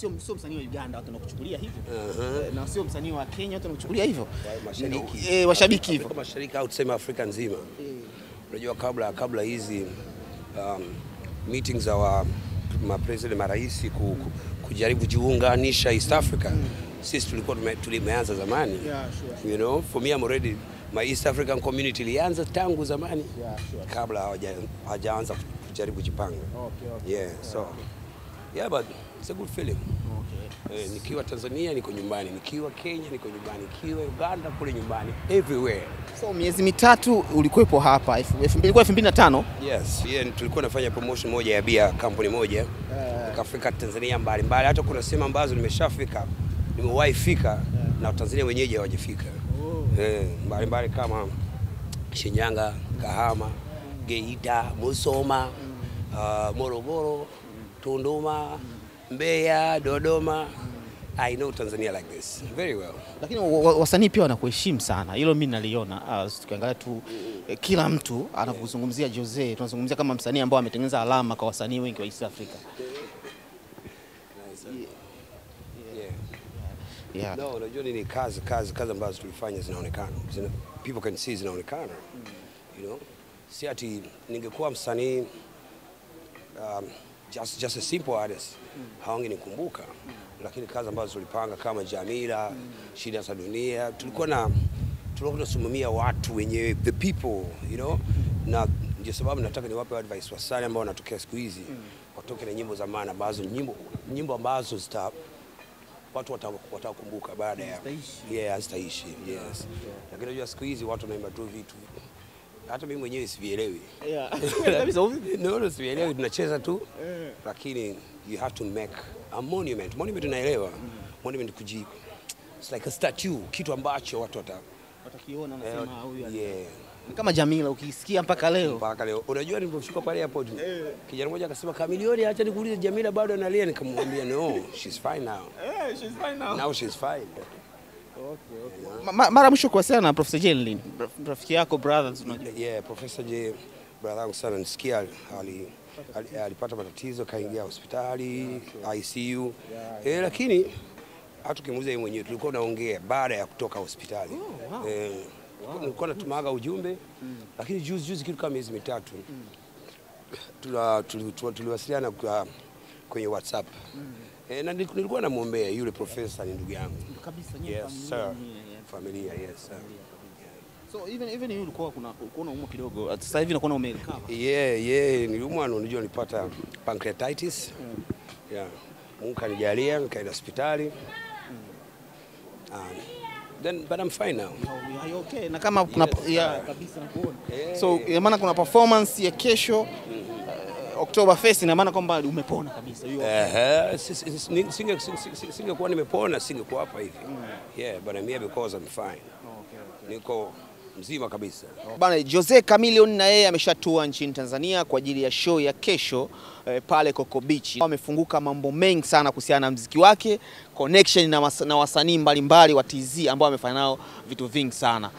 sio sio msanii wa Uganda watu wanakuchukulia hivyo uh eh, -huh. na sio msanii wa Kenya watu wanakuchukulia hivyo eh, washabiki hivyo kama mashariki au tuseme Afrika nzima. Mm. Unajua eh. kabla kabla hizi um, meetings za wa ma president marais ku, ku, kujaribu jiunganisha East Africa mm. sisi tulikuwa tulimeanza zamani yeah, sure. you know for me I'm already my East African community ilianza tangu zamani yeah, sure. kabla hawajaanza kujaribu jipanga okay, okay, yeah, okay. so okay. Yeah, but it's a good feeling. Okay. Eh, nikiwa Tanzania niko nyumbani, nikiwa Kenya niko nyumbani, nikiwa Uganda kule nyumbani, everywhere. So miezi mitatu ulikuwepo hapa ilikuwa 2005? Yes, yeah, tulikuwa nafanya promotion moja ya bia company moja uh, eh. nikafika Tanzania mbalimbali, hata kuna sehemu ambazo nimeshafika nimewahi fika eh. na Tanzania wenyeji hawajafika oh. eh, mbalimbali kama Shinyanga, Kahama, mm. Geita, Musoma, uh, Morogoro Tunduma, Mbeya, Dodoma. I know Tanzania like this very well. Lakini wasanii pia wanakuheshimu sana, hilo mimi naliona. Ah, tukiangalia tu eh, kila mtu anapozungumzia Jose, tunazungumzia kama msanii ambao ametengeneza alama kwa wasanii wengi wa East Africa. Yeah. No, unajua ni kazi kazi kazi ambazo tulifanya zinaonekana. Zina, people can see zinaonekana. Mm. You know? Si ati ningekuwa msanii um, just, just a simple artist mm. hawangenikumbuka mm. Lakini kazi ambazo tulipanga kama Jamila mm. shida za dunia tulikuwa na tulikuwa tunasimamia watu wenyewe the people you know mm. na ndio sababu nataka niwape advice wasanii ambao wanatokea siku hizi mm. watoke na nyimbo za maana ambazo nyimbo, nyimbo ambazo zita watu watakumbuka baada ya yeah, zitaishi yes. Yeah. Lakini unajua siku hizi watu wanaimba tu vitu hata mimi mwenyewe sivielewi kabisa. Naona sivielewi, tunacheza tu, yeah. lakini you have to make a monument. Monument unaelewa? Monument kuji, it's like a statue, kitu ambacho watu wata watakiona na eh, sema huyu yeah. Kama Jamila ukisikia mpaka leo. Mpaka leo. Unajua nilipofika pale airport, eh. kijana mmoja akasema Kamilioni, acha nikuulize Jamila bado analia? Nikamwambia no, she's fine now. yeah, she's fine now. Now she's fine. Okay, okay. mara mwisho kuwasiliana na Profesa Jane lini? Rafiki yako brother tunajua. Yeah, Profesa J brother wangu sana nisikia ali, ali alipata matatizo kaingia hospitali sure. ICU yeah, yeah. E, lakini hatu ukimuuliza yeye mwenyewe tulikuwa tunaongea baada ya kutoka hospitali oh, wow. E, wow. nilikuwa natumaga ujumbe mm. lakini juzi juzi kitu kama miezi mitatu mm. tuliwasiliana tuli, tuli, tuli kwenye WhatsApp mm. E, na nilikuwa namwombea yule profesa, ni ndugu yangu kabisa, yes, familia, Sir. familia, yes, sir. So even even yule kwa kuna kuna umo kidogo. Sasa hivi nakuona umerecover. Yeah, yeah, niliumwa na unajua nilipata pancreatitis. Mm. Yeah. Mungu kanijalia nikaenda hospitali. Mm. Ah. then but I'm fine now. No, okay. Na kama kuna yes, kuna yeah, kabisa nakuona. Yeah. So maana kuna performance ya kesho October Oktoberfest ina maana kwamba umepona kabisa hiyo. Eh, singe singe singekuwa nimepona singe singekuwa hapa hivi. Mm. Yeah, but I'm here because I'm fine. Niko mzima kabisa. Bana Jose Chameleone na yeye ameshatua nchini Tanzania kwa ajili ya show ya kesho eh, pale Coco Beach. Wamefunguka mambo mengi sana kuhusiana na mziki wake, connection na, na wasanii mbalimbali wa TZ ambao wamefanya nao vitu vingi sana.